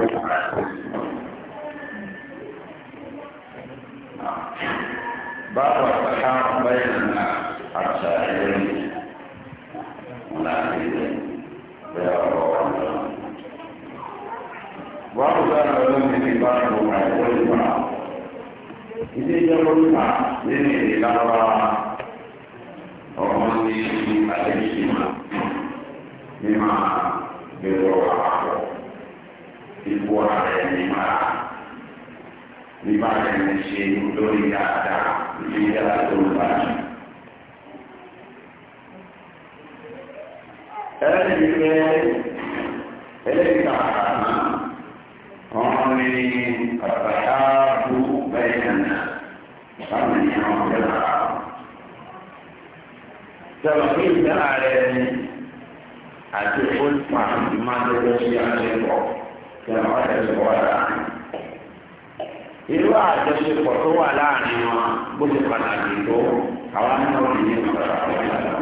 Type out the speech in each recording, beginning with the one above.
باب التحام بين الشاعرين منافقين وأخذ العلوم في بعض ما يقول بعض إذا يقول بعض من الأمر ومن يشفي عليهما بما بالروح gbogbo ara ẹni máa nígbà ẹni ṣe lórí dáadáa lórí dáadáa tó ń bá jù. ẹlẹ́yìn pé ẹlẹ́yìn kàkà náà wọ́n ní àtàkà bú bẹ́ẹ̀ náà láwọn ènìyàn ọ̀gbẹ́ náà. sọ̀rọ̀ kí ìgbà rẹ̀ àti olùpàá ìmọ̀ àti ẹgbẹ́ sí àti ẹ̀kọ́. jẹ̀mọ́ àjọṣepọ̀ láàrin. irú àjọṣepọ̀ tó wà láàrin wọn bó ṣe pàtàkì tó àwọn náà ní ní pàtàkì lọ́wọ́.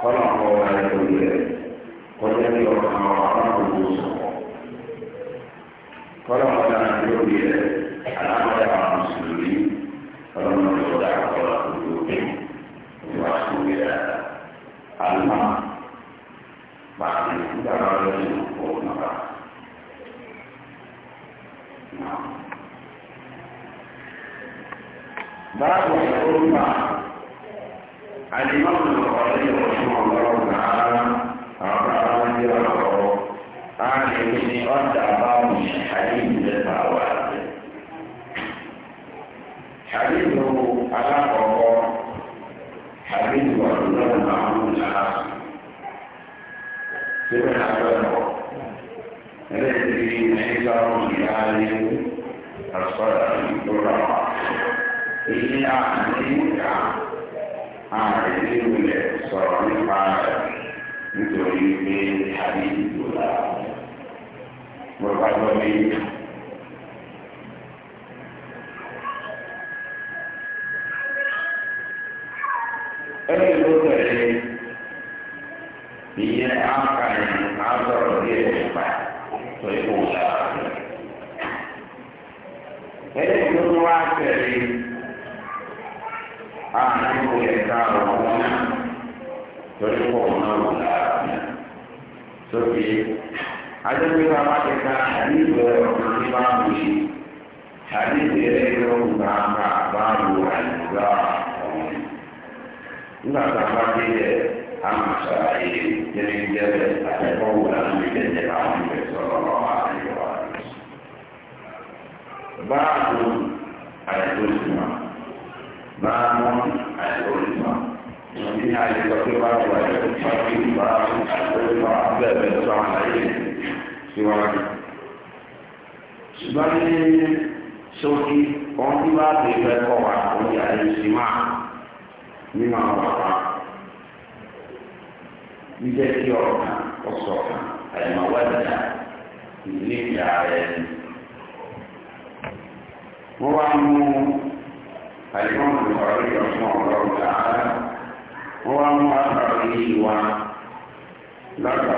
kọ́nà kọ́ wa ẹ̀ lórí rẹ̀ kọjá ní ọ̀kan àwọn ọ̀rọ̀ kò sọ̀rọ̀. kọ́nà kọ́ wa ẹ̀ lórí باب الأمة الإمام البخاري رحمه الله تعالى أعطاه مديره عن ابن أدى باب الحديث للتعوال حديث على قبر حديث وعبد الله بن عمرو بن العاص àní ìgbà àìsí ìwìlẹ̀ sọ̀rọ̀ nípa nítorí pé àbí ìdìbò lára mo bá gbọ́ bí ẹni tó tẹ̀lé ìyẹn àkàyè àbọ̀rọ̀ díẹ̀ nípa tó ikú tó wá tẹ̀lé. àánú ẹ̀ka ọ̀hún náà ka àdìgbò ọ̀hún ní bá wù yí àdìgbò ẹ̀ ló ń gbà ká bá wù àdìgbò ọ̀hún. nígbà tá a bá dé yẹ àmà sọ̀rọ̀ yìí jẹ́rìndẹ́rẹ́ àtẹ̀kọ́ wù باب الألفة وفيها يستطيع ويستطيع باب الألفة لا بأس عليه سواء سبحان sókí wọn tí bá ti fẹ́ kọ́ wa òun yà ẹ́ sì máa nínú àwọn bàbá jíjẹ́ kí ọ̀kan ọ̀sọ̀kan àyèmọ̀wádìí ìlú ìyá rẹ̀ wọ́n wá mú الإمام البخاري رحمه الله تعالى هو مؤخره ولقد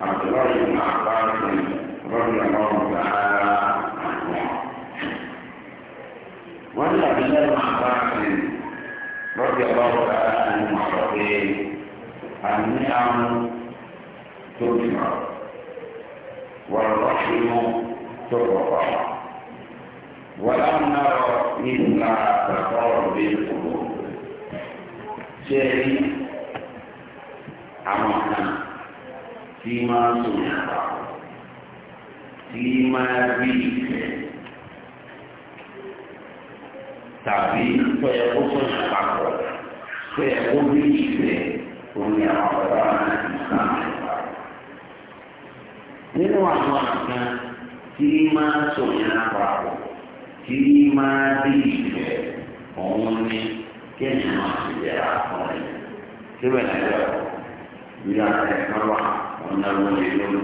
عبد الله بن عباس رضي الله تعالى عنهما ولا عبد الله بن عباس رضي الله تعالى عنهما النعم تكبر والرحم ترفع ولم نرى مثل تقارب القلوب شيء أمكن فيما سمع فيما بيك tàbí fẹ́ẹ́ kó sọ̀nà papọ̀ fẹ́ẹ́ kó bí ìfẹ́ òní àwọn ọ̀rọ̀ àwọn ìsàmì ìpàdé. nínú àwọn àgbà tí máa sọ̀nà kí máa dé ìfẹ́ òun ní kéèyàn máa fi yẹra fún ẹ síbẹ̀ lẹ́yìn ọ̀pọ̀ ìyá ẹ̀ kan wà wọn náà wọlé lórí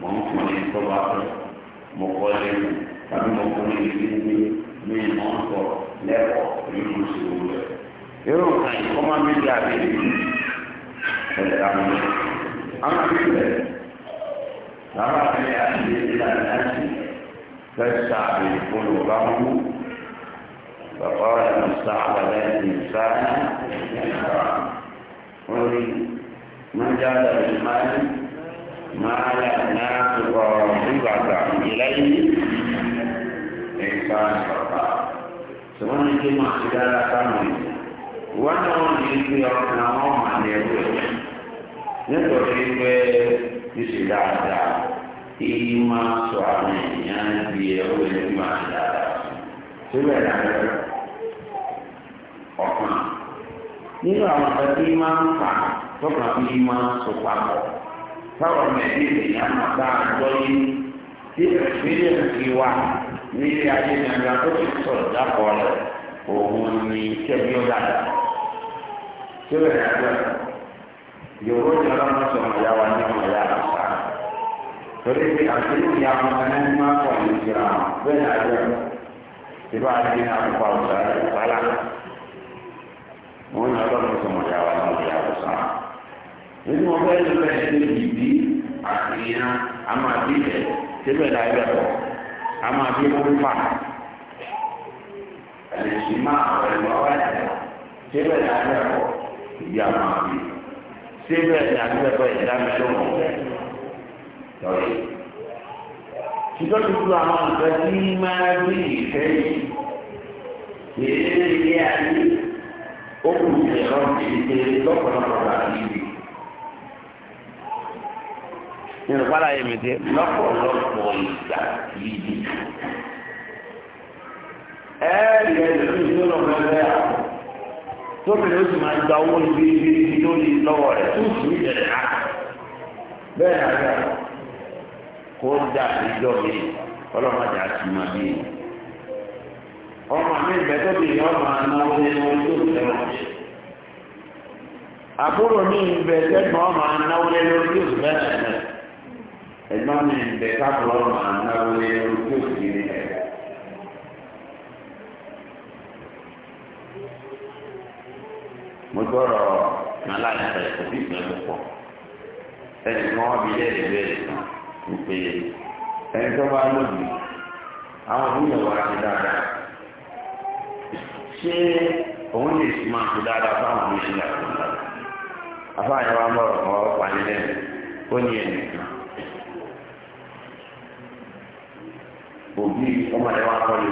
mọ̀ ń fún ní tó bá fẹ́ mo kọ́ lẹ́nu tàbí mo fún ní ibi ní mi mọ̀ ń sọ lẹ́kọ̀ọ́ nínú ìṣòro rẹ̀. irú nǹkan yìí kọ́ máa ń bí bí abẹ́lé ẹ̀rẹ̀ àwọn ọmọ àwọn àbí rẹ̀ làwọn àbẹ̀lẹ̀ àti ìdílé àti àti. فاستعبد قلوبهم فقال ما استعبد الإنسان قل من جاد بالمال ما لا ناقض صبغة إليه إنسان سبحان الله ما سجل كامل وانا وجدت يركنا وما نيته nítorí pé ìṣèdáadáa ima suami yang dia boleh masak. Sebenarnya, orang ni orang berima pak, orang berima suami. Kalau mesti dia masak join, dia sendiri jiwa. Ni dia aje yang lalu sudah boleh. Bukan ni sebiar. Sebenarnya, jauh jalan masuk majalah ni majalah. فليس أخذوا يا مكان ما قال الكرام وين أجر إبادين أبقى وصالة وين أبقى سمجا وصالة وصالة إذن وقال البحثين جدي أخينا أما بيه تبقى لا يبقى أما بيه كلفة الاجتماع والمواجهة تبقى لا يبقى يا ما بيه تبقى لا يبقى إدام شمع sọ́yìn. ṣùgbọ́n gbogbo àwọn nǹkan tí máa rí ìfẹ́ yìí èdè ilé ayé ó kù ẹ̀rọ ìdíje lọ́pọ̀lọpọ̀ àti ìdí. nínú pálá yẹn mi dé lọ́pọ̀lọpọ̀ ìgbà ìdí. ẹ̀ẹ́dì ẹ̀dùn ìṣòro mẹ́fẹ́ àwọn tóbìnrin ó sì máa gba owó ibi ibi lórí lọ́wọ́ rẹ̀ tó sì ń náà bẹ́ẹ̀ náà kódà ìjọ mi ọlọ́mọdé àti ìmọ̀ bí i. ọmọ mi ìgbẹ́tọ́ bí i ọmọ anáwó nínú ojú ìfẹ́ràn. àbúrò mi ìgbẹ́tẹ́ bí ọmọ anáwó nínú ojú ìfẹ́ràn. ẹ̀gbọ́n mi ìgbẹ́tọ́ bí ọmọ anáwó nínú ojú ìfẹ́ràn. mo gbọ́dọ̀ kan láti ṣe ìfẹ́ púpọ̀ ẹnì kan wọ́n fi lé ìbéèrè kan. wípé ẹni tó bá lòdì àwọn wà á dáadáa ṣé òun lè dada máa ti dáadáa fáwọn ọmọ ìṣẹ̀lẹ̀ àkọọlá afáàyàn wa ń bọrọ kọ O ó ní ẹnì kan òbí ọmọdé wa kọ́lé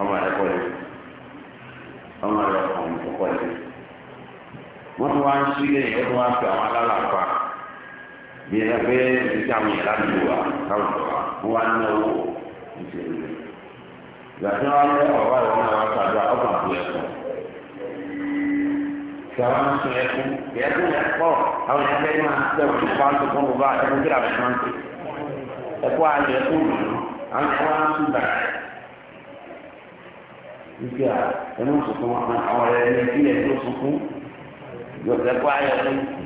ọmọdé kọ́lé ọmọdé kọ́lé wọ́n wá ń wọ́n wá ń bí ẹ pé ìdí àwọn yẹn ládùúgbò wa káwọn tó wa wọn wá ní owó ìṣèlú rẹ ìgbà tí wọn lé ọba ìwọ náà wọn sàdúrà ọkàn fún ẹkọ sọ̀rọ̀ máa ń sun ẹkún ẹkún yẹn pọ̀ àwọn yẹn fẹ́ẹ́ máa tẹ̀wọ̀n ní pàǹtí fún bàbá ẹkún kí làwọn máa ń tẹ̀ ẹkún àti ẹkún dùnú àwọn yẹn wọn á tún bàrà wípé ẹnu sunkún àwọn ẹ̀rẹ́ ní ilé tó sunkún ẹkún ayọ̀ ẹkún.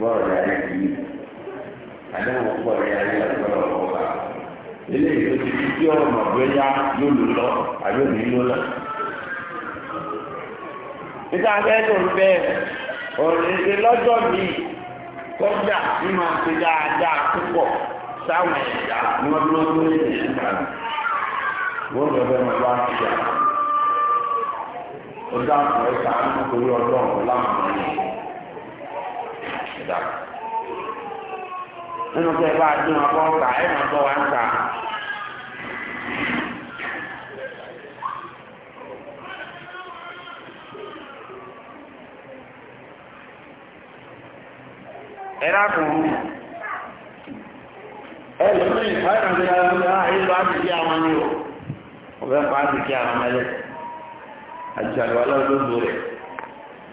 bọ́ọ̀lù ayé ti yí àdáhùn bọ́ọ̀lù ayé àgbọ̀rọ̀ ọ̀gá eléyìí tó ti fi ọ̀rọ̀ yóò lò lọ àbí òní ló lọ. nígbà òrìṣẹ́ lọ́jọ́ mi kọjá ní dáadáa púpọ̀ sáwọn ẹ̀dá wọ́n wọ́n ọjọ́ àpò ẹ̀ka nítorí ọjọ́ ọ̀hún láwọn ẹ̀dá. nínú pé bá a dín wọn bọ́ ọ̀tà ẹ̀ máa bọ́ wa ń ta. ẹ̀rá kùn ún ẹ̀rọ ní ìfẹ́ ìrìnàjò ìlú àti ìdí àwọn ẹni o ọ̀bẹ pa á ti kí àwọn ẹlẹ́sìn àti àlùwalá olóògbé rẹ̀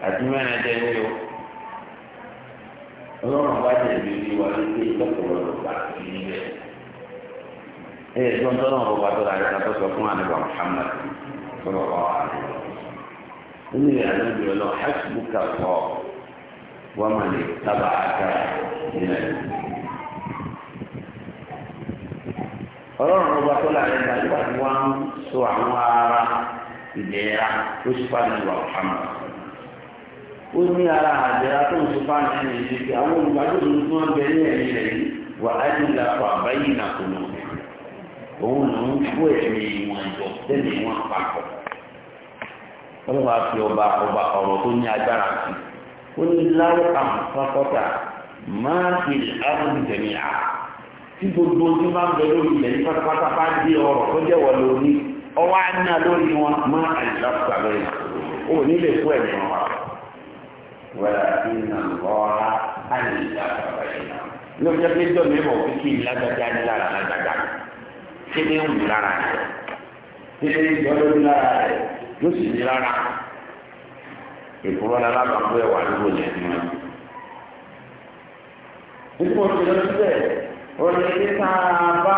àti mẹ́rin ẹ̀jẹ̀ ní o. ọlọ́run bá tẹ̀ lé ní wa lókè lọ́pọ̀lọpọ̀ lọ́pàá sí ilẹ̀. ẹ ẹ gbọ́n tọ́lọ́ ọ̀rọ̀ wa tọ́lá yára tó sọ fún àdìbò Muhammad sọ̀rọ̀ wa wà ní. nínú ìyá lóbi ọlọ́run hasbuka fọ́ wọ́n máa lè tábà áká nílẹ̀. ọlọ́run ọba tọ́lá yára tó wá ń sọ àwọn ara. ìdẹ̀ra tó ṣe fáwọn ó ní ara tó ń ṣe fáwọn ẹni pé àwọn olùgbàdùn ní wọn bẹ ní ẹ̀mí rẹ̀ yìí wà á ní lakọ àbáyé nà kò lò òun ló ń ẹ̀mí wọn jọ tẹ́lẹ̀ wọn papọ̀ fi ọba ọba ọ̀rọ̀ tó ọwọ́ aná lórí wọn má àìsàkùsà lórí ó nílé fún ẹ̀mí wọn wá. wẹ́rẹ́ àti nàlọ́ àìsàkùsà yìí ló jẹ́ pé jọ́ mi bọ̀ pé kí n lágbájá ní lára lágbájá kí ni ń wù lára rẹ̀ kí ni ń jọ́ lórí lára rẹ̀ yóò sì ní lára ìfúnra lábàápọ̀ ẹ̀wà ló wọlé ẹ̀mí wọn. nípa òṣèlú bẹ́ẹ̀ ọ̀rẹ́ ní sáà bá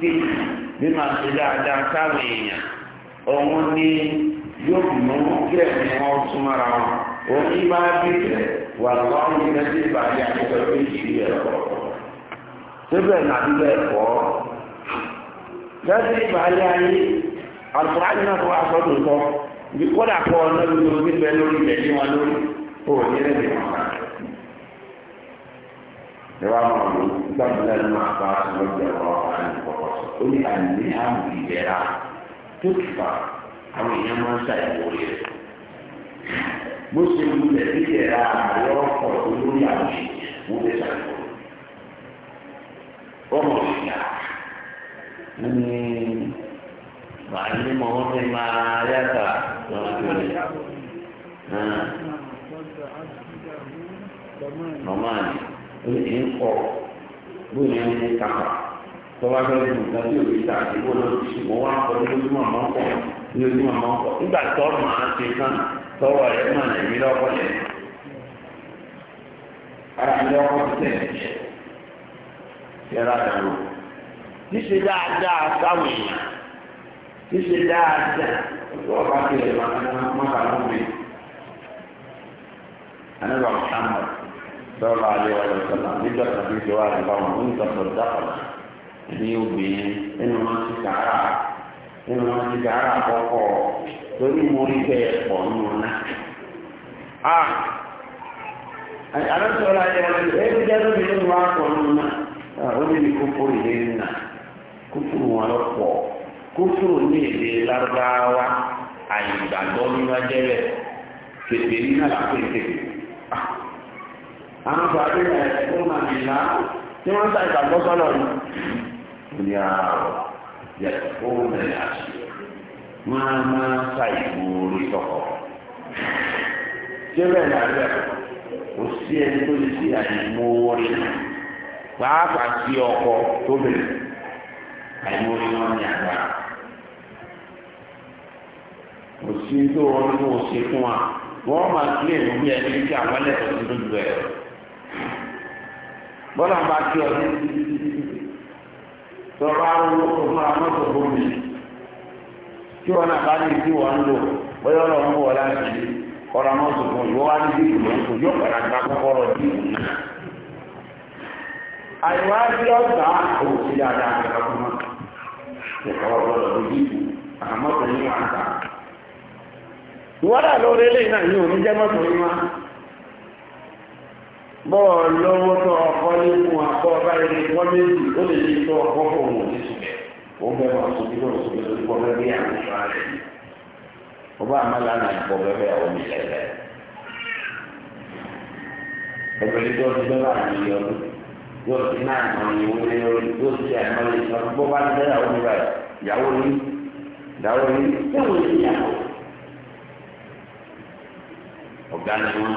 kéèyàn. bí máa ṣe dáadáa sáwọn èèyàn òun ni yóò mú kí ẹ̀mí wọn súnmọ́ra wọn òun ní máa bí rẹ̀ wà lọ́wọ́ ní ẹgbẹ́ ìbàdí àjọṣọ pé ìṣèlú ẹ̀kọ́ síbẹ̀ nàbí bẹ́ẹ̀ kọ́ lẹ́sìn ìbàdí ayé àlùfáà yìí náà tó wà bí kódà kọ́ ọ náà lórí omi bẹ́ẹ̀ lórí ìbẹ̀dí wọn lórí ìwà mọ̀ ní gbàgbọ́n ó ní àìní àmì ìlera tó ti fà àwọn èèyàn máa ń ṣàyẹ̀wò rẹ̀ bó ṣe wulẹ̀ sí ìlera àárọ̀ ọkọ̀ tó lórí àwọn èèyàn wọ́n lè ṣàyẹ̀wò ọmọ ìyá ní màá ní mọ wọn fi máa yàtọ̀ lọ́wọ́ tó lè. Màmá ni, ó ní kọ́ bóyá ní kápá tọ́wá fẹ́ lu nǹkan tí òbí ta àdúgbò lórí ṣùgbọ́n wá kọ́ ní ojúmọ̀ máa ń kọ́ ní ojúmọ̀ máa ń kọ́ nígbà tó máa ṣe tán tọ́wọ́ rẹ̀ mà lẹ́mí lọ́kọ̀ yẹn. ara mi lọ́kọ̀ tẹ̀ ṣẹ́ra dàrú. ṣíṣe dáadáa sáwọn èèyàn ṣíṣe dáadáa lọ́wọ́ bá tilẹ̀ máa bá lọ́wọ́ mi. anábà mọ̀tàmọ̀ sọ́ọ́lá alẹ́ wa lọ́sọ̀lá nígbà tó fi ṣe wá àdúgbò àwọn oníkàtọ̀ dákọ̀lá ní obìnrin ẹnu máa ti sàárà ẹnu máa ti sàárà àkọ́kọ́ torí mo rí bẹ́ẹ̀ pọ̀ nínú náà. a alásọ̀rọ̀ ayé wọn ẹbí jẹ́rú mi nínú wa pọ̀ nínú náà ó ní ní kókó ìlé nínà kókó wọn lọ pọ̀ kókó ní èdè lárúbáwá àyìnbàgbọ́ nínú ajẹ́rẹ̀ tètè ní àlàkó ìtètè. àwọn sọ àbẹ̀rẹ̀ ẹ̀ fún màmìlá tí wọ́n ń ta ìgbàgbọ́ sọ́lọ̀ يا يتقون العشير ما ما سيبوا لتقوى جبل عليك والسيئة كل سيئة موري pàápàá sí ọkọ tó bẹ̀rẹ̀ wọn ní kò sí tó wọn ní wọn ṣe fún wa wọn máa kílè ní bí ẹni tí àwọn ẹlẹ́tọ̀ọ́ ti dúdú ẹ̀ bọ́lá bá kí ọ ní tọ́ba ahụ fún amọ́tò bómi tí wọn náà bá ní ìdí wọn ń lò bóyá ọlọ́run ń wọ láti ọ̀rọ̀ amọ́tò fún ìwọ wá ní bí ìlú ń yóò padà gba ìlú náà. àyíwá bí òun ti ṣe kọ́kọ́ lójú lórí eléyìí náà ní òun bọ́ọ̀ lọ́wọ́ tó ọkọ ní fún akọ ọba ilé wọn méjì ó lè ní tó ọkọ fún òun ní sùgbẹ́ ó bẹ máa sọ bí lọ́wọ́ sọgbẹ́ lórí kọ́ bẹ́ẹ̀ bí àwọn ìṣọ́ rẹ̀ ni ọba àmàlà náà ìpọ̀ bẹ́ẹ̀ àwọn mi lẹ́lẹ́ ẹgbẹ̀rún tó ti bẹ́ẹ̀ bá mi yọ yóò ti náà mọ ìwé ní orí yóò ti ṣe àmọ́ lè sọ bó bá ti bẹ́ẹ̀ àwọn mi báyìí ìyàwó ní ìyàwó ní ìyàwó ọ̀gá ni wọ́n.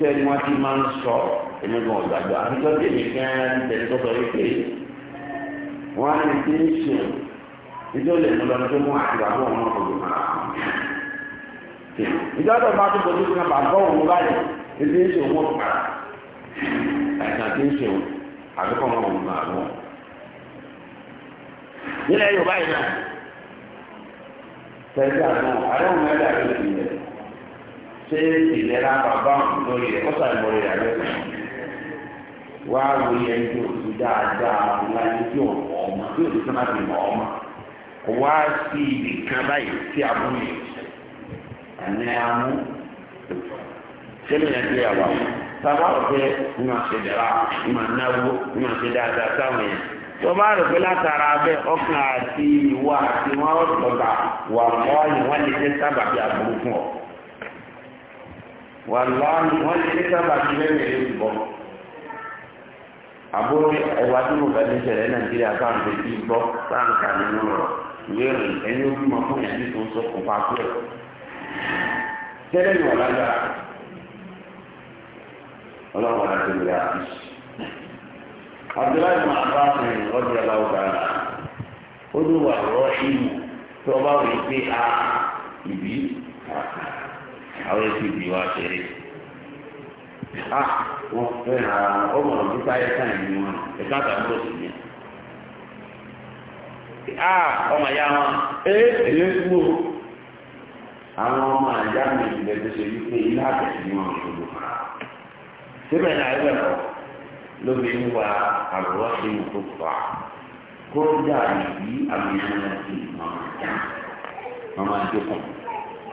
tẹ ni wọn ti máa ń sọ èmi gan ọgbàgbà àtijọ́ tèmi gan ní tẹ̀lé tó sọ yìí pé wọn á ní tí ń sùn nítorí lè mú lọ tó mú àtìgbà bọ́ ọmọ òdò máa ìjọba tó bá tó tó tó kan bàbá òun báyìí ní tí ń sùn wọn pa àìsàn tí ń sùn àdúgbò ọmọ òun máa lọ. nílẹ̀ Yorùbá yìí náà tẹ̀lé àná àdéhùn mẹ́ta yóò ti yẹ. ṣé ìlera bàbá lórí ẹ̀ kọ́sà ìmọ̀rẹ̀ rẹ̀ lẹ́sẹ̀ wá wo yẹn tó dáadáa láyé tí ò mọ̀ ọmọ tí ò ti sábà ti mọ̀ ọmọ kò wá sí kan báyìí tí a mú sábà ọ̀fẹ́ ní ṣe dára ní náwó ní ṣe dáadáa sáwọn yẹn tó bá rò pé látara abẹ ọkàn àti àti wọn wà wà láàyè wọ́n ti ní sábà tí lẹ́yìn èyí ti bọ̀. àbúrò ẹ̀wà tí mo bẹ̀rẹ̀ ṣẹlẹ̀ nàìjíríà káàkiri ti gbọ́ sáǹkà nínú rọ̀ ìwé rìn ẹ̀yìn ojú ma fún yàrá tó ń sọ kó pa kúrẹ̀. tẹ́lẹ̀ ní wà lágbára ọlọ́run àti ìlera abdullahi máa bá fún un lọ́dún aláwọ̀ ó ní ìlú tí pé a ah, àwọn èsì ìbí wa ṣeré a wọn fẹ́ ara ọmọ ọdún táyé sáyẹn ní wọn ẹ̀ka ni ya wọn ẹ ebe àwọn ọmọ àyà mi ìbẹ̀ tó ṣe wípé ilé àbẹ̀sí ni wọn ò lò fà síbẹ̀ náà ẹgbẹ̀ kọ lóbi ń wa àrùwọ́ sí mi tó fà kó dà àmì ti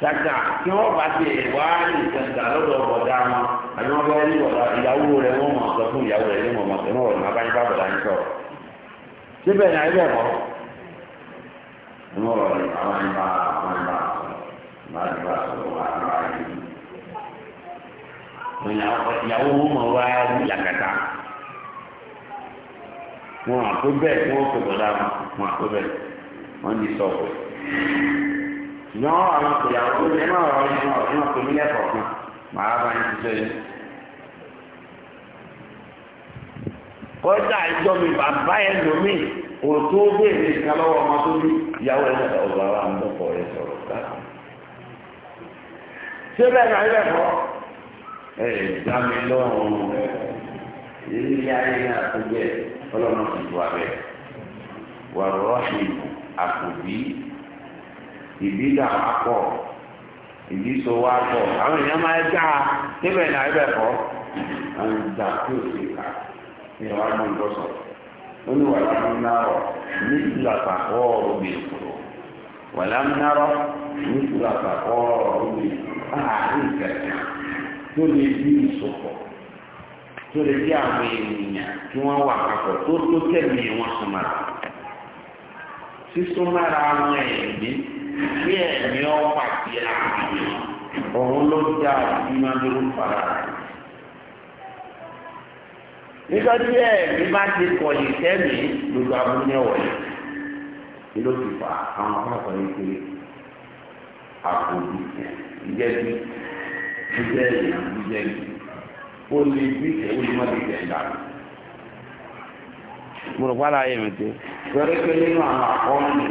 kàkà kí wọ́n bá ti wá ìkàkà lọ́dọ̀ bọ̀dá wọn àbí wọ́n bá ní bọ̀dá ìyàwó rẹ̀ wọ́n mọ̀ sọ fún ìyàwó rẹ̀ ní mọ̀ mọ̀ sọ́nà ọ̀rọ̀ nàbáyé bá bọ̀dá ń sọ̀rọ̀ síbẹ̀ ní ayé ẹ̀kọ́ ní ọ̀rọ̀ rẹ̀ àwọn ìbá àwọn ìbá máa ti bá sọ̀rọ̀ wá àbá yìí. ìyàwó wọn mọ̀ wá yàgàtà wọn àpò bẹ́ẹ̀ wọ́n kò bọ̀dá wọn àpò bẹ́ẹ̀ wọ́n ti sọ̀rọ̀ ìyọ́n àwọn ìpìyàwó tó ní ẹ̀mọ́ ọ̀rọ̀ ní ọ̀dún ọ̀pẹ nílẹ̀ kọ̀ọ̀kan màá bá yín ṣiṣẹ́ yín. kọjá ìjọ mi bàbá ẹ lómi ò tó béèrè nǹkan lọ́wọ́ ọmọ tó bí ìyàwó ẹ̀ lọ́dọ̀ ọ̀gá wa ń bọ̀kọ̀ ẹ̀ sọ̀rọ̀ dáadáa. ṣé bẹ́ẹ̀ náà ilé ẹ̀kọ́ ẹ̀ dá mi lọ́rùn ilé ayé náà tó jẹ́ ọlọ́run ti wà bẹ́ẹ̀ wà rọ́ọ̀ṣì àkùbí ìbí àpapọ̀ ìbísowó àpọ̀ àwọn èèyàn máa dá níbẹ̀ náà ibẹ̀ kọ́ àwọn ìjà tí ò ká ní ọ̀rọ̀ àwọn ìbọ̀sọ̀ wà ìkẹ̀kẹ̀ tó lè bí ìsopọ̀ tó lè bí àwọn ènìyàn wọ́n wà papọ̀ tó tó tẹ̀lé wọn sísúnmọ́ra àwọn tí ẹ̀mí ọ̀pá ti àmì òun ló dá ìmọ̀ lórí fara rẹ̀. nígbà ẹ̀mí bá ti kọ̀ yìí sẹ́mi gbogbo kí ló ti fà àwọn akọ̀kọ̀ yìí pé ó lè bí má lè mo rò mi Pẹ̀lú pé nínú àwọn àkọ́ọ́nù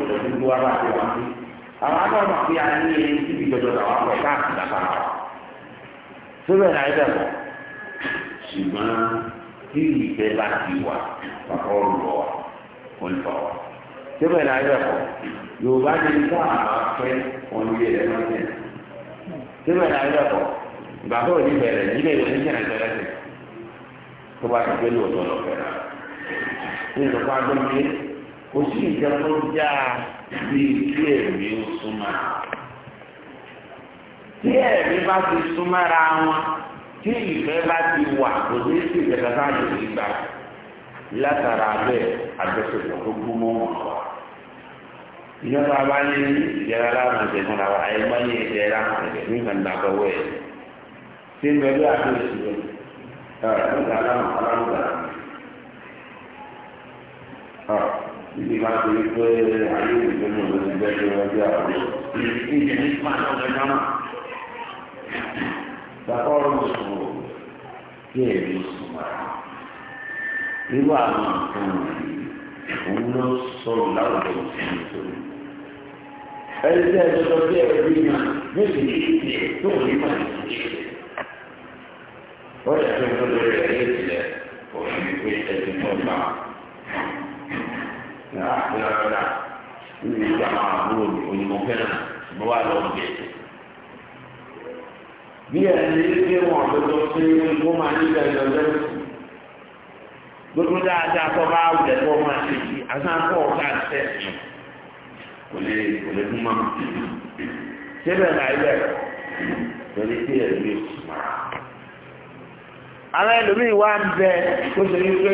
láti ní. àwọn akọ́nà pé a ní ẹni síbi gbọdọ̀ àwọn akọ̀ káàkiri àtàrà wa sóbẹ̀ náà ẹ̀dẹ̀ mọ̀ ṣùgbọ́n tí ìfẹ́ bá ti wà pàpọ̀ lọ kò ń lọ náà ẹ̀dẹ̀ mọ̀ Yorùbá ní ká àbá fẹ́ ọ̀nùyẹ rẹ̀ lọ́sẹ̀ sóbẹ̀ náà ẹ̀dẹ̀ mọ̀ ìgbà tó ní bẹ̀rẹ̀ nílẹ̀ ìwé ní sẹ̀rẹ̀ sẹ̀rẹ̀ sẹ̀ tó bá ti gbé lóòótọ́ lọ fẹ́ràn bí kí ẹ̀mí ó súnmọ́ tí ẹ̀mí bá ti súnmọ́ra wọn tí ìfẹ́ bá ti wà kò ní sí ìjẹta sáàjò nígbà látara bẹ́ẹ̀ àjọṣepọ̀ tó gbúmọ́ wọn wà ìjọba bá ní ìjẹra láwọn ìṣẹ̀gùn làwọn àìmọ́ ní ìjẹra ẹ̀jẹ̀ nígbà ńlákọ̀wé ẹ̀ tí ń bẹ̀rẹ̀ àti òṣìṣẹ́ ẹ̀ nígbà láwọn alámọ̀dà quindi quando ti rí pé ayé ìgbẹ́ náà ló ti gbẹ́jọ́ ọjọ́ àwọn ìdí ní máa lọ gbẹ́jọ́ náà. Bàbá ọ̀rọ̀ sọ̀rọ̀ kí èrè sùnmọ́. Irú àwọn nǹkan wọ̀nyí òun ló sọ̀rọ̀ láwùjọ ìsinmi tó ní. Ẹni tí ẹ lọ́dọ̀ bí ẹ̀rọ bí náà méjì ní ìpè tó ní máa ní ìpè. Wọ́n yà fẹ́ è lórí ẹ̀yẹ́ ìtìlẹ̀ ìrànlọ́dà nínú ìgbà máa àbúrò mi onímọ̀ fẹ́ràn ṣùgbọ́n wà lọ bẹ̀. bí ẹni pé wọn lọ́jọ́ pé wọ́n máa nígbà ìjọba gbogbo dáadáa tó bá wù ẹ̀ tó máa ṣe yìí asáńkọ́ ọ̀gá ṣẹ̀ kò lè kò lè fún mọ́. síbẹ̀ náà ilẹ̀ pẹ̀lú pé ẹ̀mí òṣùmọ̀. àwọn ẹlòmíì wá ń bẹ tó ṣe wípé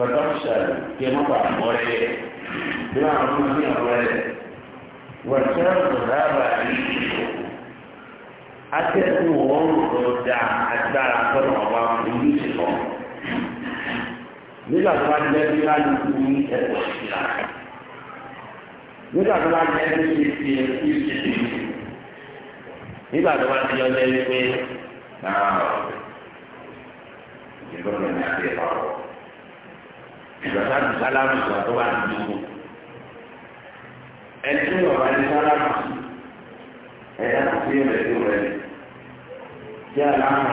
فتخشى في مطعم وليه بما عرفنا فيها وليه وسام هذا حتى يكون ورد أتباع أكثر أبعاد إبليس الأمر nígbà tó bá jẹ́ bí bá ní kú ní ẹ̀kọ́ ìṣìlá nígbà tó bá jẹ́ bí ṣe ti ẹ̀kú ìṣèlú nígbà tó bá ti yọ jẹ́ wípé náà ìgbọ́dọ̀ ní àti ìpàwọ̀ ìgbàsá ti sálámù ìgbà tó bá ti dìbò ẹni tí wọn bá ní sálámù ẹ̀dá sí ẹ̀rẹ̀ tó rẹ̀ jẹ́ aláàmì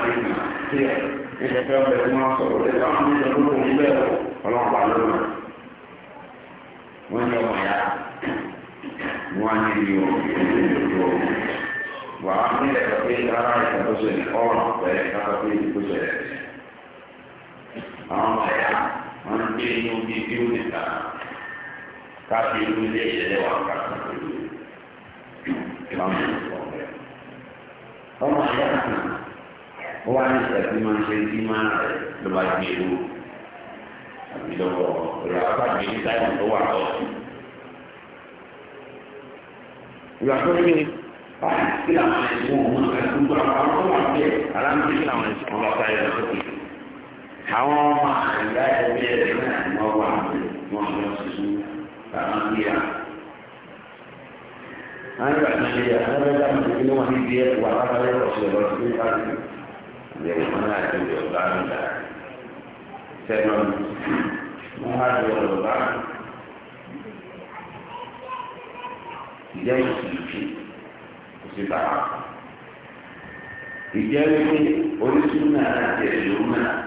sí ẹ̀ nígbà tí wọ́n bẹ̀rẹ̀ tí wọ́n sọ̀rọ̀ lẹ́yìn wọn mú ìjọba tó ń bẹ̀rẹ̀ ọlọ́run bá lọ́nà wọ́n ní ya wọ́n á ní ìlú ìlú wà á ní ẹ̀ka pé rárá ìṣàkóso ẹ̀ ọ̀rọ̀ pẹ̀lú ẹ̀ka pé ìṣàkóso ẹ̀ àwọn ọmọ ya wọ́n gbé inú bíi bí ó lè ta káfí inú ilé ìṣẹ̀lẹ̀ wà ká ìmáàmù ọ̀gbẹ́. ọmọ àyà kan ó wá ní ìṣẹ̀tí máa ń ṣe tí máa ń rẹ̀ ló bá gbé ewu àbí lọ́wọ́ rẹ̀ apáàgbé ní táyà tó wà lọ́wọ́. ìgbà tó ní báyìí kí làwọn ẹ̀sìn wọn mú ẹ̀sìn gbọ́dọ̀ tó wà bẹ́ẹ̀ aláǹdí kí làwọn ẹ̀sìn wọn bá táyà lọ́wọ́ àwọn ọmọ àgbà ẹbí ẹ̀rọ náà ni wọ́n wà wọ́n lọ sí àwọn bíyà. wọ́n yóò àti ṣe àtàlẹ́ láti ṣe kíni wọ́n ní bí ẹ̀kú wà látàlẹ́ ọ̀sẹ̀ lọ sí ní báyìí. ìyẹ̀wò wọn náà ti di ọ̀gá mi dà. sẹ́nu wọn wá di ọ̀gá mi. ìjẹ́ ìsìnkú kò sí bàbá. ìjẹ́ wípé orísun náà àti ẹ̀yọ́ náà.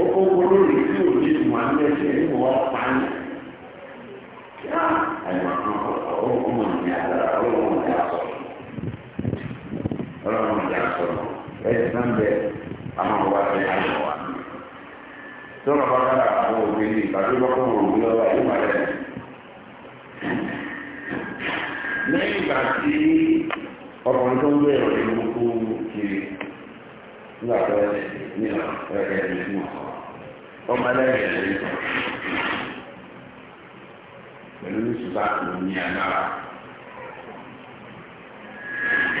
ó kó owó lórí tí ò ní ìmọ̀ àmì ẹ̀sìn wọ́n pa ní. ọmọ ẹlẹ́yìn ẹ̀rí pẹ̀lú nísìbá lòmí àgbára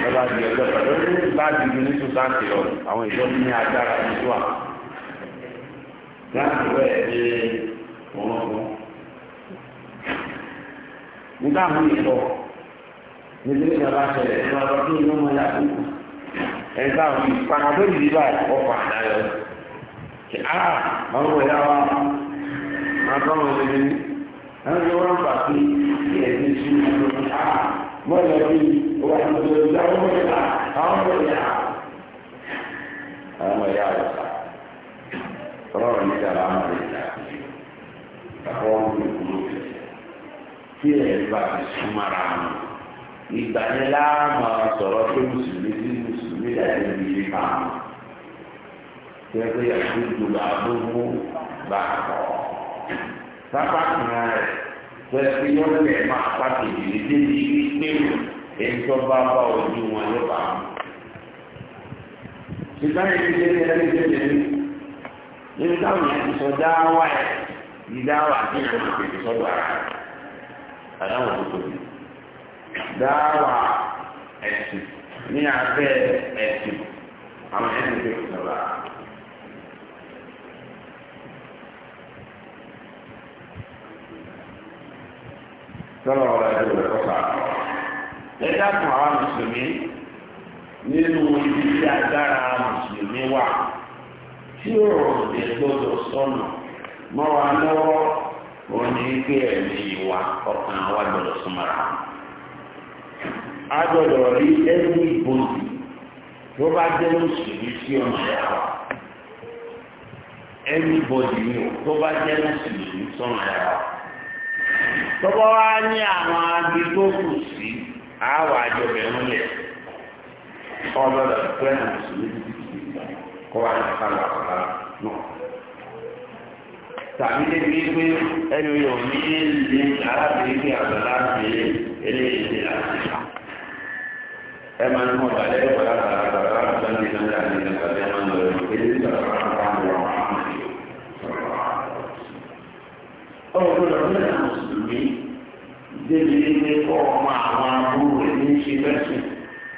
lọ́ba di ọjọ́ pẹ̀lú nísìbá di ju nísìbá ti lọ àwọn ìjọ ní agbára ní tó láti wẹ̀ ẹ́ wọn fún nígbà mú ìtọ́ níbi ní ìjọba ṣẹlẹ̀ ní ọjọ́ tó ní ọmọ ìyá tó Ah, àwọn ọ̀yá wa àtọ́wọ̀n ẹ̀lẹ́gbẹ̀ ní àwọn ọ̀yá wọn gbà pé kí ẹ̀mí sí ìlú ọ̀yá mọ́lẹ̀ bí wà lóde ọ̀yá wọn ọ̀yá àwọn ọ̀yá àwọn ọ̀yá rẹ̀ sá ọlọ́run ní ìjà láwọn sọ̀rọ̀ pé mùsùlùmí sí mùsùlùmí dàbí ìdílé máa sẹ́gbẹ́ àdúgbò àdúgbò bá kọ́. Sábà kan rẹ̀ sẹ́gbẹ́ yọ̀lẹ̀ máa pàtẹ́jì ní débi wípéwò ẹ̀ńtọ́ bá ojú wọn yóò bá mú. Sítáyé ti dé ní tẹ́lẹ̀ ní. Nínú táwọn yẹn ti sọ dáwà ẹ̀ ìdáwà tí yẹn máa tètè sọ́dọ̀ ara rẹ̀. Àdáwọ̀ tó tóbi. Dáwà ẹ̀sìn ní abẹ́ ẹ̀sìn àwọn ẹ̀sìn tó sọ̀rọ̀ ara rẹ̀. sọ́nà ọrụ ẹ̀jẹ̀ rẹ̀ kọ́ta. ẹ dákun àwọn mùsùlùmí nínú ibi tí agbára mùsùlùmí wà tí ọ̀rọ̀ òde gbọ́dọ̀ sọnù mọ́ wa lọ́wọ́ wọn ní pé ẹ̀mí wa ọkàn wa a rí tó bá mùsùlùmí sí ọmọ wa ni tó bá tọ́bọ́ wá ní àwọn agi tó sí àwọ̀ àjọbẹ̀ ńlẹ̀ ọlọ́dọ̀ tó na náà kọ́ wá ní àkọ́lá náà. tàbí débi pé ẹni yóò ní ilé arábìnrin kí àgbàlá fi eléyìí ṣe àti ẹ máa ń mọ̀ bàlẹ́ ìwà àgbàlá ọgbọ́dọ̀ ní àmùsùlùmí débi ilé kọ́ ọmọ àwọn abúrò rẹ̀ ní ṣe mẹ́sìn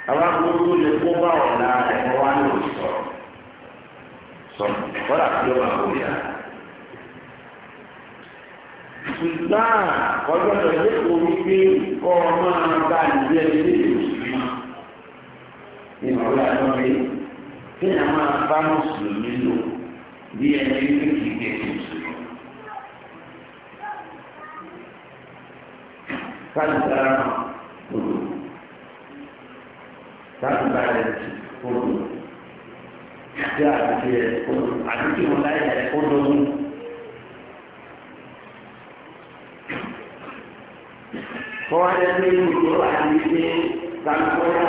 àwọn abúrò tó lè kó bá ọ̀la ẹ̀kọ́ wá ní òṣìṣọ́ sọ kọ́lá tí ó máa bóyá. ṣùgbọ́n ọgbọ́dọ̀ ní orí pé kọ́ ọmọ bá ìdí ẹni ní ìmùsùlùmí ní ọ̀la lọ́wọ́ kí ni a máa bá mùsùlùmí lò bí ẹni ní kìkì mùsùlùmí. kálíkàrà odò kálíkàrà odò àti àti ẹ odò àti tí mo láyé ẹ odò mú. kọ́wá jẹ́ pé ìlú àti ṣe kálíkàrà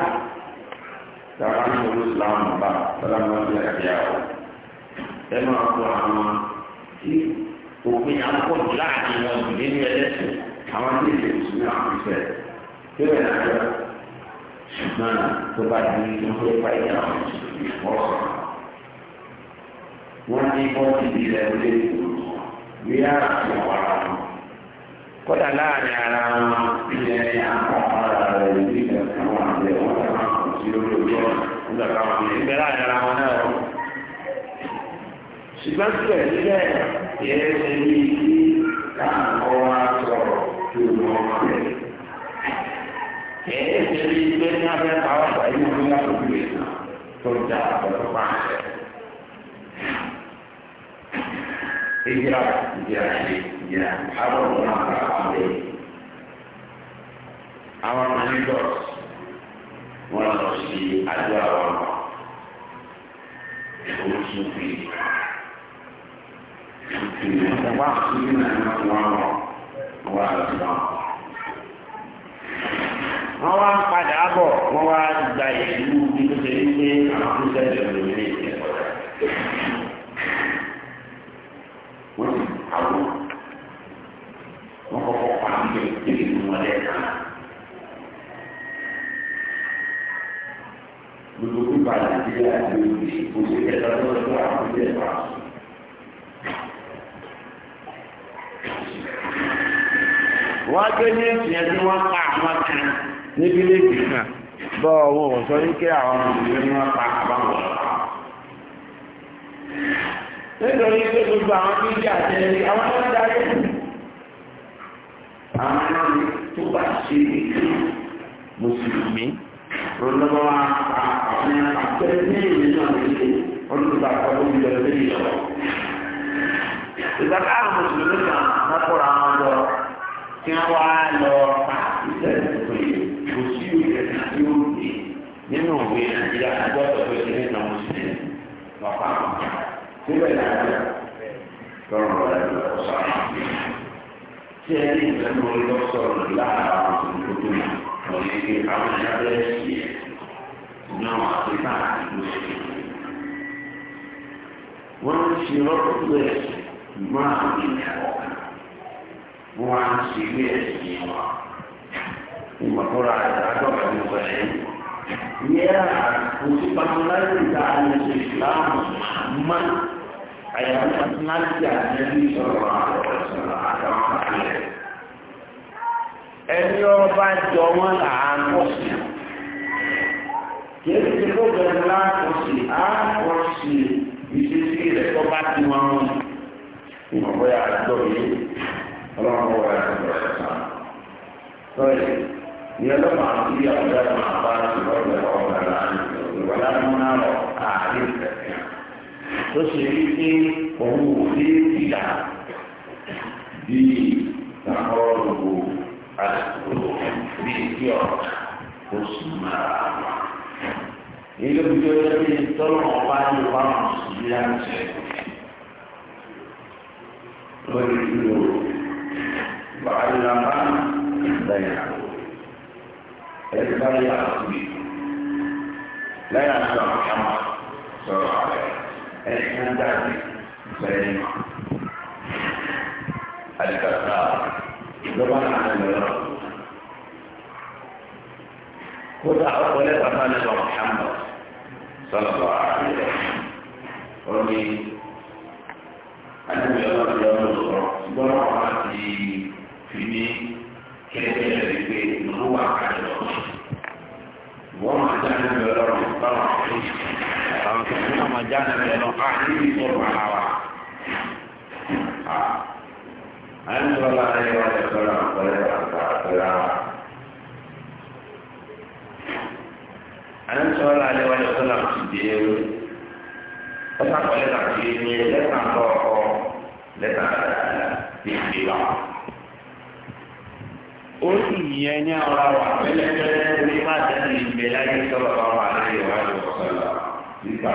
tàbá ní olùsìlámù bá tọ́lá ní wọ́n ti rẹ̀ bí àwọn wọn jù nínú ẹlẹ́sìn àwọn tí ìṣe ìṣúná àwọn ìṣe síbẹ̀ náà yọ ṣùgbọ́n tó bá di ìṣúná pa ìyá àwọn ìṣòfin ìfọ́sọ̀ wọ́n ní bọ́ọ̀lù ìbílẹ̀ ilé ìgbòho bí ara ti wà ara wọn kódà láàrin ara wọn ilẹ̀ akọ̀ ara rẹ̀ ìdí ìgbà wọn àti ẹ̀wọ̀n tó máa kọ̀ sí orí ojú ọ̀nà nígbà táwọn ọmọ ìgbẹ́ láàrin ara wọn náà ṣùgbọ́n síbẹ̀ tí Ẹ̀ẹ́dẹ̀ ṣe rí ilé ní abẹ́ àwọn àgbà yìí ló ní àtúntò rẹ̀ tó ń da ọ̀pọ̀lọpọ̀ àṣẹ. Ìjìyà ìjìyà ṣe ìjìyà àwọn ọmọ àgbà àbẹ. Àwọn ọmọ ní dọ̀tí wọ́n lọ sí àjọ àwọn ọmọ. Ìṣòro sùn fi. Ìṣòro sùn fi. Ìṣòro sùn fi wá lọ. wọ́n wá ń padà bọ̀ wọ́n wá gba ìlú bí ó ṣe ń gbé àwọn akúṣẹ́ ìṣòro ilé ìjẹ̀kọ̀. wọ́n ti àwọn wọ́n kọ́kọ́ pa gbogbo pípa nàìjíríà ti ń gbé ìkóso ìjẹta tó ń sọ àwọn wọ́n á gbé ní ìsìn ẹni wọ́n pa àwọn kan ní bíléèkì kan bọ́ wọn ò sọ wípé àwọn ọmọdé ni wọ́n pa àbáwọ̀ nítorí pé gbogbo àwọn tó jẹ́ àtẹ̀lé àwọn tó darí àwọn ọmọdé tó bá ṣe mùsùlùmí lọ́wọ́ àwọn akẹ́kẹ́ ní ìlú náà lè ṣe ọdún tó bá kọ́ lórí ọdún yìí lọ. mùsùlùmí kan wọ́n kí wọ́n wá lọ pa iṣẹ́ ìpè kò sí òye tí ó di nínú òwe nàìjíríà gbọ́dọ̀ tó ti ní ìnáwó sílẹ̀ lọ́pàá àwọn síbẹ̀ nàìjíríà lọ́rùn rẹ̀ lọ́pọ̀ sọ́nà tí ẹ ní ìgbà tó lọ sọ̀rọ̀ láàárọ̀ àwọn olùkókó náà lọ́ọ́ yẹ kí àwọn ìyáfẹ́ sí ẹ̀ náà wà sí náà ló ṣe. wọ́n ń ṣe rọ́pò tó máa ń ìyàwó kan wọn á ṣe ilé ẹ̀sìn yìí wọn. ìmọ̀kúra àtọ́kà ní ọgbà yẹn. yẹ́rà oṣù pàtàkì tá a lè ṣe ìsìláàmù má àyàwó pàtàkì àtẹ́bí sọ̀rọ̀ àwọn ọ̀sán àtàwọn àlẹ́. ẹni ọba jọ wọn là á kọ́ sí i. kìí ṣe kó bẹ̀rẹ̀ láàkọ̀ọ́sì àkọ́sì ìṣesí rẹ̀ tó bá ti wọn. ìmọ̀kúra àtọ́kà yìí ọlọ́run wọ ẹ̀rọ ìgbọ̀nsẹ̀ kan. sọ́yì ìyẹn ló máa fi ọ̀dọ́ máa bá ìrọ̀lẹ́ ọ̀gá láàyè ìwà lámúná lọ ààrẹ ìfẹ̀fẹ̀. tó ṣe rí pé òun ò ní ìlà bíi ìtàkọ́rọ̀lù àtìkò bíi kí ọ̀gá ó sì máa wà. ilé ìjọ ẹgbẹ́ tọ́lọ̀ ọba ní ìwà ọ̀sùn yíyá ń ṣe lórí ìlú لا يعلم به لا يعلم محمد صلى الله عليه وسلم احنا دعني سليم الكفار لبنا عن المرأة ودعوة ولا تفعل محمد صلى الله عليه وسلم ومن أنه يوم يوم الظهر jáde rẹ̀ lọ a ní ìfọ̀rọ̀ ara wa. a ń sọ lára yẹ wá lẹ́sọ̀ náà àpẹẹrẹ àgbà àpẹẹrẹ wa. a ń sọ lára yẹ wá lẹ́sọ̀ náà ti dé ewu. ọ̀sán pẹ̀lẹ́ náà ti ní lẹ́tà tó ọkọ lẹ́tà ti dé wa. ó sì yẹ ní ọ̀rọ̀ wa pẹ́lẹ́pẹ́lẹ́ ní má jáde ìgbéláyé sọ̀rọ̀ wa. nípa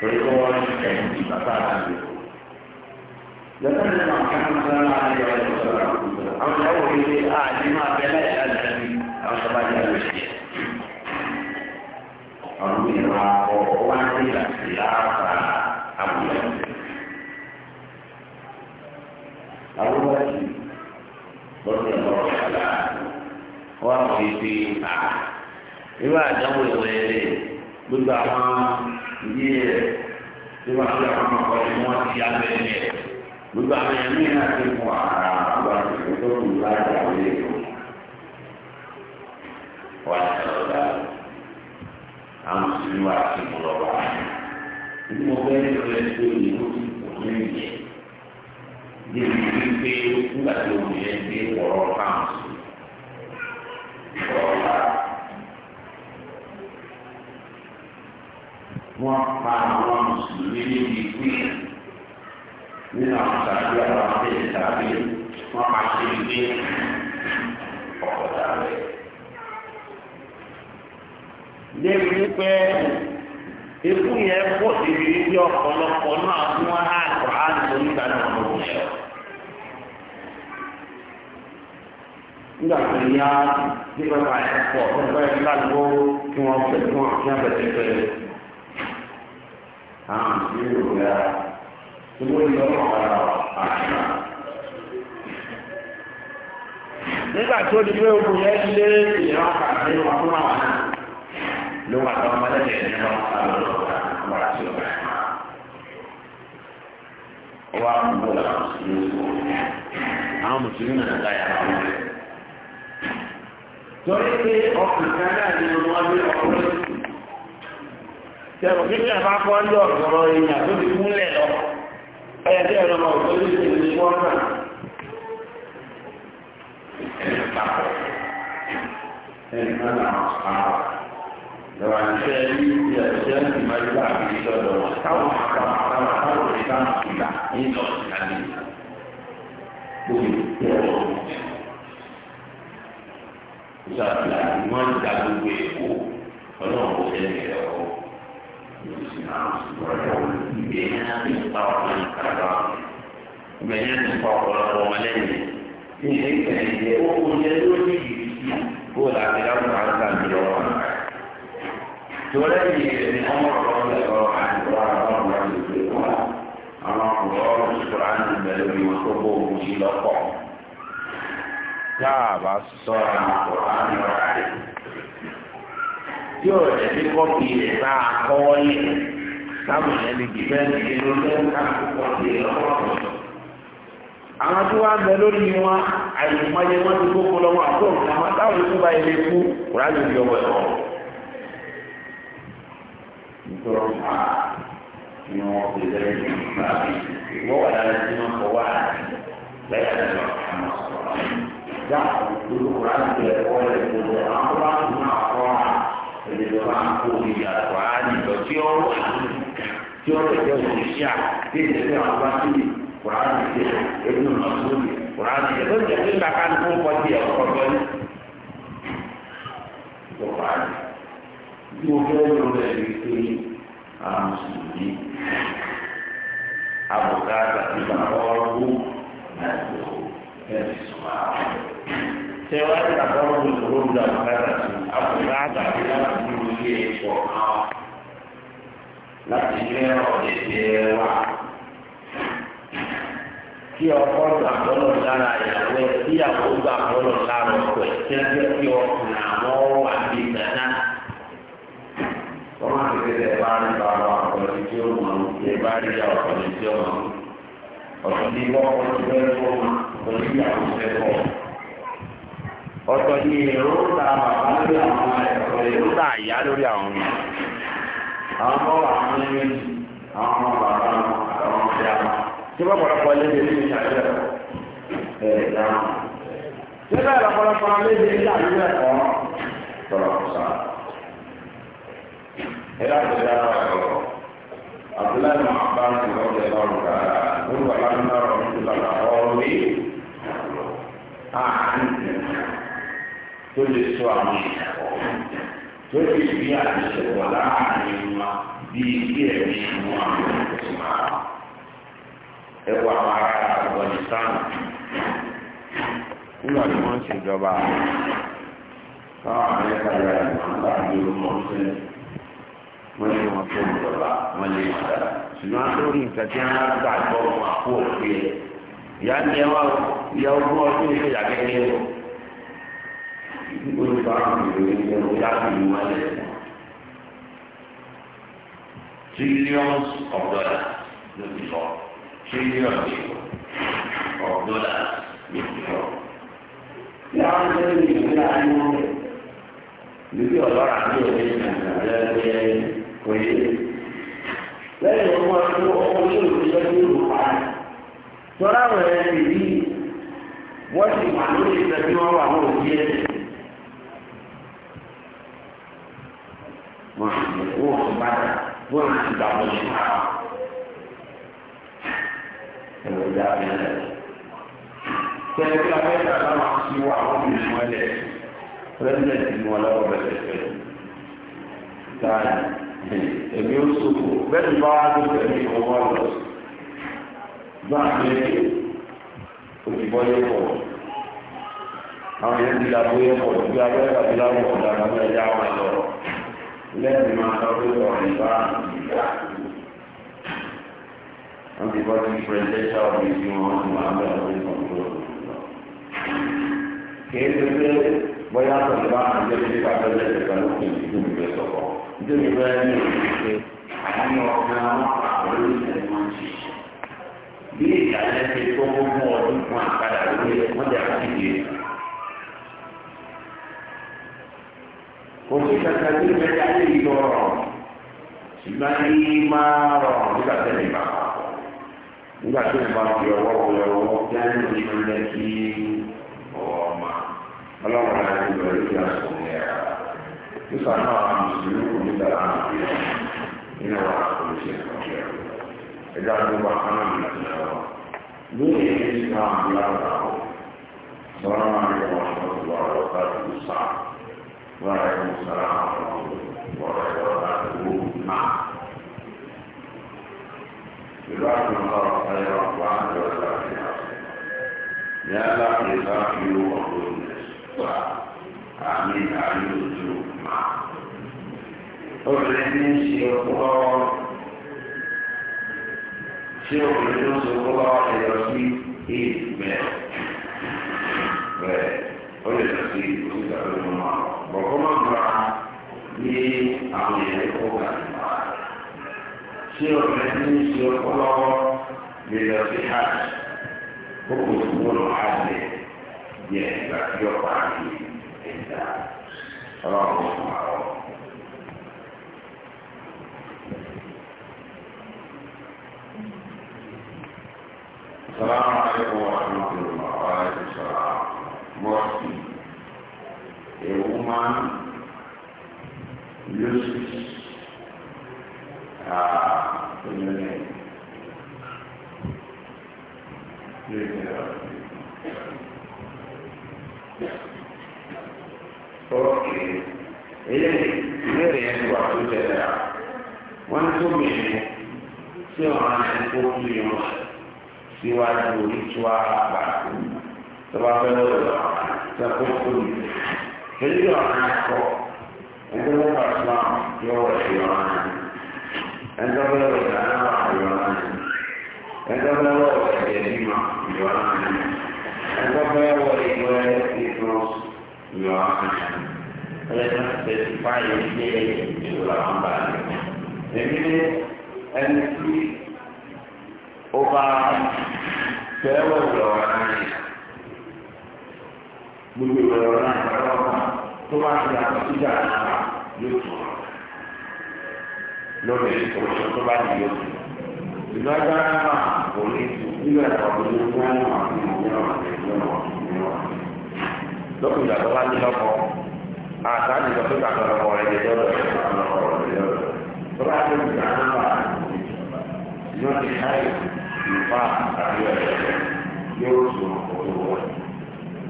torí kó wọ́n ti kẹ̀kọ́ ti bàbá àti ìyẹn. Lọ́sẹ̀ ní màá kí wọ́n sọ́ra máa yọ ọ̀rọ̀ sọ̀rọ̀ àwọn ìyàwó yìí ṣe àdé máa bẹ láì láti ní ah, àwọn sọ́ba jẹ́ àlọ́ ìṣe. Ọ̀rọ̀ mi ra ọ̀ wá sí láti láàpá àbúlé. Àwọn ọ̀rọ̀ yìí lọ́sẹ̀ lọ́rọ̀ ṣàlàyé wọ́n á mọ̀ wípé à ìwé àdánwò ìwé rẹ̀. gbogbo àwọn ìdí rẹ̀ tí wọ́n fi àwọn ọkọ̀ tí wọ́n ti yá bẹ́ẹ̀ ní gbogbo àwọn ẹ̀mí náà ti mú ara àwọn àtìkú tó kù láti àwọn ilé ìlú àwọn ní mo fẹ́ tó lè ní nígbà tí sí wọn pa àwọn mùsùlùmí níbi pé nínú àwọn tàbí àwọn abẹ́rẹ́ tàbí wọ́n pa ṣe ọkụ ọkọ̀ tàbí. Débi wípé ikú yẹn pọ̀ síbi wípé ọ̀pọ̀lọpọ̀ náà fún wa á kọ̀ á lò nígbà náà lọ́wọ́ yẹn. àwọn nígbà tó di pé ogun yẹn lé ìran pàṣẹ wọn fún àwọn náà ló wà tó ọmọdé tẹ̀lé wọn àwọn ọ̀rọ̀ àwọn àti ọ̀rọ̀ ó wá kú bó la mùsùlùmí àwọn mùsùlùmí náà láyà àwọn ọmọdé. torí pé ọkùnrin kan náà ni wọn bí ọkùnrin sẹ́nu kí ẹ bá kọ́ ní ọ̀gọ̀rọ̀ èèyàn tó ti múlẹ̀ lọ ẹ̀yẹ tí ẹ̀rọ máa tó lè ṣe ní wọ́n náà ẹ̀rọ papọ̀ ẹ̀rọ náà náà pààrọ̀ lọ́wọ́ àṣẹ ní ti ẹ̀ṣẹ́ ti máa ń gbà bí sọ́dọ̀ wọn táwọn àkàmọ̀ àkàmọ̀ àkàmọ̀ rẹ̀ bá ń kúta ní lọ́sìn ni wọ́n ń da gbogbo èkó ọlọ́run kò fẹ́ mi lọ́wọ́. gbẹ̀yẹ́ ti fọ ọ̀pọ̀lọpọ̀ wọn lẹ́yìn níṣẹ́ ìgbẹ̀yẹ́ ó kó jẹ́ tó ní ìrísí kó láti láwùjọ àgbà mi lọ wà. tòlẹ́ yìí rẹ̀ ni wọ́n rọ̀ lẹ́kọ̀ọ́ àìsàn àwọn ọ̀rọ̀ ìgbé wa àwọn ọ̀rọ̀ ìṣòro àti ìbẹ̀rẹ̀ mi wọn tó kó ogun yìí lọ́pọ̀. tá a bá sọ àwọn ọ̀rọ̀ àìsàn tí ọ̀rọ̀ rẹ̀ ní kọ́pì rẹ̀ bá a kọ́ lẹ̀ táwọn èèyàn lè gbé bẹ́ẹ̀ ní ló lẹ́nu káàkiri kọ́pì rẹ̀ lọ́wọ́ àwọn tí wọ́n bẹ lórí wọn àìmọye wọn ti kókó lọ́wọ́ àtọ́run àwọn táwọn ikú bá ilé kú ráyò ní ọwọ́ ẹ̀kọ́ nítorí pa ni wọn fi lẹ́yìn ní ìgbà ìwọ́ wà lára tí wọ́n kọ wá lẹ́yìn àti ọ̀kan wà níta tí ó lè jẹ́ òṣìṣẹ́ àti ìdílé àwọn bá sí kùránì sí ẹgbẹ́ mọ̀sùlùmí kùránì sí ẹgbẹ́ ìjọba ìgbà kan tó ń kọ́ sí ọkọ̀ bọ́lí. Ìjọ parí. Bí mo fẹ́ lò rẹ̀ ní pé àwọn mùsùlùmí àbùká àti bàbá ọgbọ́n náà lò fẹ́ẹ́ sọ̀rọ̀ àwọn. Ṣé wàá ní àbọ̀rọ̀ ìṣòro ìdàgbàsókè àbùká àti bàbá ọgbọ́n náà lò fẹ́ẹ́ sọ̀rọ̀ àwọn láti gbé ọ̀dẹ̀ tí ẹ wà. Kí ọkọ gbà bọ́lọ̀ lára ìyàwó ẹ̀ kí ìyàwó gbà bọ́lọ̀ lára ọkọ ẹ̀ kí ẹ jẹ́ kí ọkùnrin àwọn wà ní ìdáná. Wọ́n máa ń gbé ẹ̀ bá ń bá wa ọ̀dẹ̀ tí ó mọ̀ ẹ̀ bá rí ìyá ọ̀dẹ̀ tí ó mọ̀. Ọ̀dọ̀ ní wọ́n ti fẹ́ fọ́ ọ̀dẹ̀ ìyàwó fẹ́ fọ́. Ọ̀dọ̀ ní èrò ń ta lórí àwọn ọmọ àwọn ọmọ wa àwọn ẹni méjì àwọn ọmọ bàbá wọn àwọn ọmọ ìyá wọn tí wọ́n pọ̀lọpọ̀ léde ní ìṣà ìṣẹ́ ẹ̀ dáhùn. tí wọ́n bẹ̀rẹ̀ pọ̀lọpọ̀ léde ní ìṣà ìṣẹ́ ọ̀ tọ̀rọ̀ sá. ẹ yóò sì fi àtìṣẹ̀wọ̀ láàrin wọn bí ilé ẹ̀mí wọn àwọn ọ̀sùn ara ẹ wọ àwọn ará Afghanistan nígbà tí wọ́n ń ṣèjọba táwọn amẹ́ríkà yára ìwọ̀n láti orúkọ ọ̀sẹ̀ wọ́n ní wọn tó ìjọba wọ́n lè wọ́n dára ṣùgbọ́n lórí nǹkan tí wọ́n gbàgbọ́ wọn àpò òfin ìyá ni ẹ wá ìyá ogún ọdún ìṣèyà kékeré wọn olùkọ́ àwọn ìròyìn ìjẹ́ ọjà ìlú wọn lẹ̀ trillions of dollars ló ti lọ trillions of dollars ló ti lọ. yàrá ń tẹ́lẹ̀ ní ìwé àánú rẹ̀ lórí ọ̀lọ́ra ní òde nàìjíríà lẹ́yìn òye lẹ́yìn ọmọ ẹ̀kọ́ ọmọ yóò fi lọ́jọ́ olùkọ́ rẹ̀ tọ́lá àwọn ẹ̀rẹ́ ti rí wọ́n ti wà lórí ìtẹ́jú ọ̀rọ̀ àwọn òbí ẹ̀ wọn sì lè wọn sì bá dà wọn sì bá wọn sì bá ẹwọ ìyá mi lẹ tẹ́lẹ̀ tí a fẹ́ dà láwọn sí wa àwọn mi mú ẹ lẹ pírẹsidẹnti mú ọ lọ́wọ́ bẹ́ẹ̀ bẹ́ẹ̀ táyà èmi ó sòkò bẹ́ẹ̀ ni bá wà ló tẹ̀lé ọwọ́ lọ bá a lè lè yẹ pọ̀ àwọn yẹn ti la yẹ pọ̀ ìgbà bẹ́ẹ̀ bá ti la ọ̀dà àwọn ẹ̀yà wọn lọ lẹ́yìn máa sọ pé ọ̀rẹ́ bá ìgbà wọ́n ti bọ́ sí pẹ̀lẹ́sà omi tí wọ́n ti máa bẹ̀rẹ̀ lórí kọ̀ǹtò lọ. kìí ṣe pé bóyá sọ̀rọ̀ bá àwọn ilé ìgbà pẹ̀lẹ́ ìgbà ló kì í ti dùn ìgbẹ́ sọ̀kọ̀. nítorí bẹ́ẹ̀ ni òun ṣe àyànní ọ̀gá àwọn olóṣèlú máa ń ṣe. bí ìyá ẹ̀ ṣe tó gbogbo ọdún fún àkàdà lórí ẹ̀ wọ́n ti àkàdé òsì kàkà tó ń bẹ́ẹ̀ ayé yìí lọ rọ̀ ṣùgbọ́n ayé máa rọ̀ nígbà tó ní bàbá nígbà tó ní bàbá fi ọwọ́ wọ ọwọ́ kí á ní ìlú lẹ́ kí ọwọ́ ọmọ ọlọ́run náà ti lọ sí àsùn ní ẹ̀rọ nígbà náà àwọn mùsùlùmí kò ní dàrá àwọn ìlú nínú àwọn àkọlùsí ẹ̀kọ́ ẹ̀dá tó bá kánà mi láti lọ lórí ẹ̀yẹ́ sí àwọn àbúrò àwọn sọ̀rọ̀ àwọn àbúrò àwọn ọ̀sán وعليكم السلام ورحمة الله وبركاته نعم جزاكم الله خيرا وعنك وسلام يا الله يسامحي وقبول الناس آمين آمين الجنوب معك obìnrin ní ṣe ọpọlọ ṣé obìnrin ló ṣe ọpọlọ ẹ̀yọ sí ìgbẹ́ rẹ̀ ó lè lọ sí ìlú tí ọ̀rẹ́ ní ṣe ọpọlọwọ lè lọ sí hajj ó kò sí gbọ́dọ̀ hajj yẹ ìgbà tí ọkọ àti ẹ̀dá ọlọ́run fún wa ọ. السلام عليكم ورحمة الله وبركاته السلام مرسي يوما يوسف síwájú ìtura àgbà tó bá fẹ́ lọ́wọ́ sẹ́kọ̀ fúnmi. Èyí ọ̀ràn akọ ẹgbẹ́ mọ́tà Islam yóò wọ̀ sí ọ̀ràn yìí ẹjọ́ bẹ́ẹ̀ lọ sí aláwọ̀ ìwà náà ni ẹjọ́ bẹ́ẹ̀ lọ sí ẹ̀dínmà ìwà náà ni ẹjọ́ bẹ́ẹ̀ lọ ìwẹ́ ìfúnná ìwà náà ni ẹjọ́ tẹ̀sífà yìí ṣe ìlú làwọn bá a lè èmi ní ẹni tí ó bá tẹ́wọ̀ lọ́wọ́ náà ni gbogbo ìwé ọ̀rọ̀ tó bá nìyẹn ìlú agbára náà kò ní tu nínú ẹ̀kọ́ tó ní fún àwọn àti ìmúyàn àti ìmúyàn lókùn ìgbà tó bá ní lọ́kọ àtà ní ìjọ tó kà tó lọ́kọ rẹ̀ lẹ́jọ́ rẹ̀ lọ́kọ rẹ̀ lẹ́jọ́ rẹ̀ tó bá tó ìgbà náà wà ní ọ̀sẹ̀ káyọ̀ ìfà àti ẹ̀rẹ̀ yóò sọ òkú wọn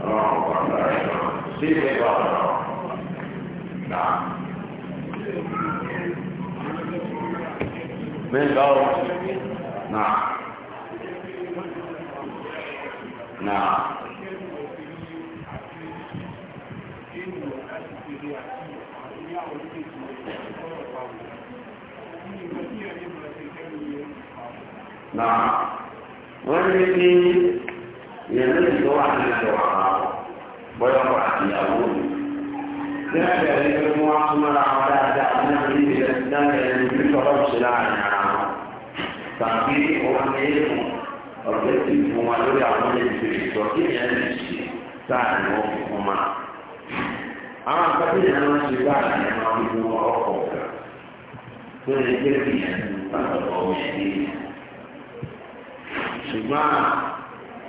ọlọ́run kọ́ àgbà rẹ̀ sí ìgbà náà. من قول نعم نعم نعم والذي ينزل واحد الشرعاء ويقع في أول ذلك لكم وعصم العودة أنه يجب أن يكون àwọn èèmù ọ̀gbẹ́sì fún wa lórí àwọn èèmù ìṣọ̀ kí ni ẹni ṣe táà ní wọ́n fi fún ma. àwọn akọ́bí yẹn ló ń ṣe báà ní ẹ̀ma wíwú ọkọ̀ ọ̀gá tó lè gbé bí yẹn lọ́dọ̀ ọ̀hún ẹ̀dí. ṣùgbọ́n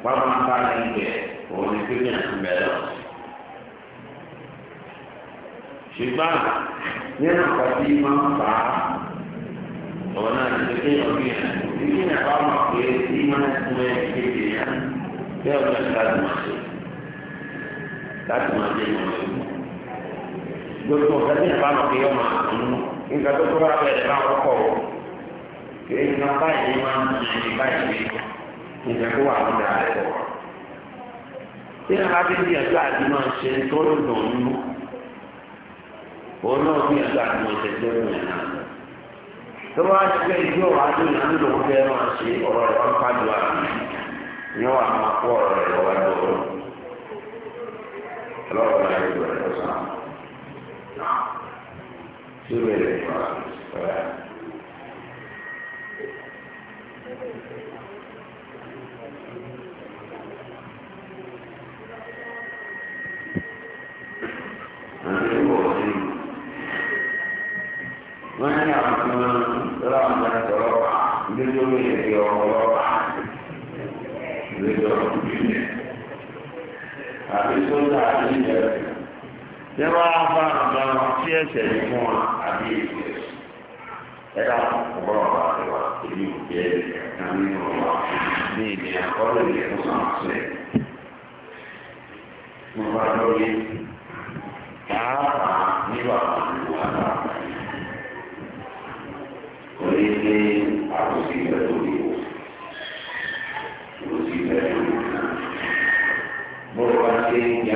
bàbá ń bá ní ibẹ̀ òun ni pé yẹn ń bẹ̀rẹ̀ lọ. ṣùgbọ́n nínú àkọ́bí máa ń fà ọ̀nà ìṣèkéyàn bí yẹn ìdí yẹn bá mọ̀ pé bí wọ́n fún ẹ kéde yẹn bẹ́ẹ̀ ló ń láti máa ṣe láti máa ṣe ìmọ̀ ẹ̀ gbogbo nǹkan tí yẹn bá mọ̀ pé máa ń mú nǹkan tó tó bá bẹ̀rẹ̀ bá wọn kọ̀ ọ́ kí nǹkan báyìí ni máa ń mú ẹni báyìí ni nǹkan tó wà lọ́dà rẹ̀ bọ̀ tí yẹn bá fi ń yẹn tó àti máa ṣe tó lọ́dọ̀ nínú òun náà fi yẹn tó àti máa ṣe tó lọ́dọ̀ nínú tó wá ìjọ wa ní àdúgbò wọn fẹ́ máa ṣe ọ̀rọ̀ rẹ̀ wọn pàdé wa ni wọn máa kó ọ̀rọ̀ rẹ̀ lọ́wọ́ lọ́wọ́ ọlọ́run náà yóò bẹ̀rẹ̀ lọ́sàn án tí ó bẹ̀rẹ̀ lọ́sàn án. Mm-hmm. wọ́n ní àwọn tí wọ́n lọ́wọ́ àwọn ọ̀gá ẹ̀kọ́ lọ́wọ́ ìdójú omi ìrẹ̀lẹ̀ ọmọ lọ́wọ́ ìrẹ̀lẹ̀ ọmọ ìbílẹ̀ àbí sódà àbí ìjẹ̀rẹ̀. Ṣé wọ́n á bá àgbà wọn tí ẹ̀ṣẹ̀ yìí fún wọn àbí ìṣẹ̀? Ẹ̀dá ọ̀gbọ́n ọ̀gá àdìwà èyí ò jẹ́ ẹ̀ka nínú ọ̀gá ní ìdí àkọọ́lẹ̀ ìyẹn fún àṣẹ. Mo bá lóye pàápàá nígbà kan ìwà náà.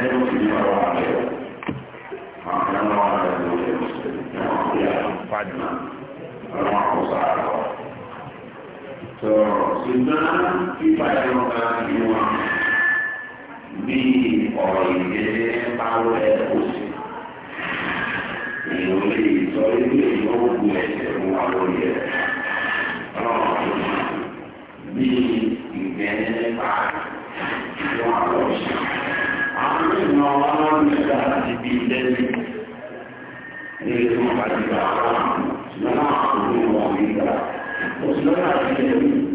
ṣùgbọ́n fífa ẹ̀rọ kan fi wọn bí ọ̀rọ̀ ìdílé bá wẹ̀ òsì. Ìròyìn ìtọ́jú ìlú ògùn ẹ̀sẹ̀ fún wa lórí. fatica, si non ha una vita, o si non ha bisogno.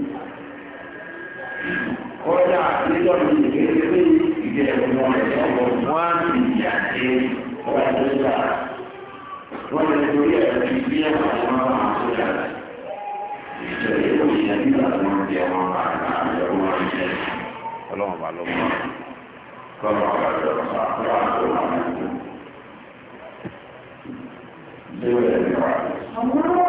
Amen.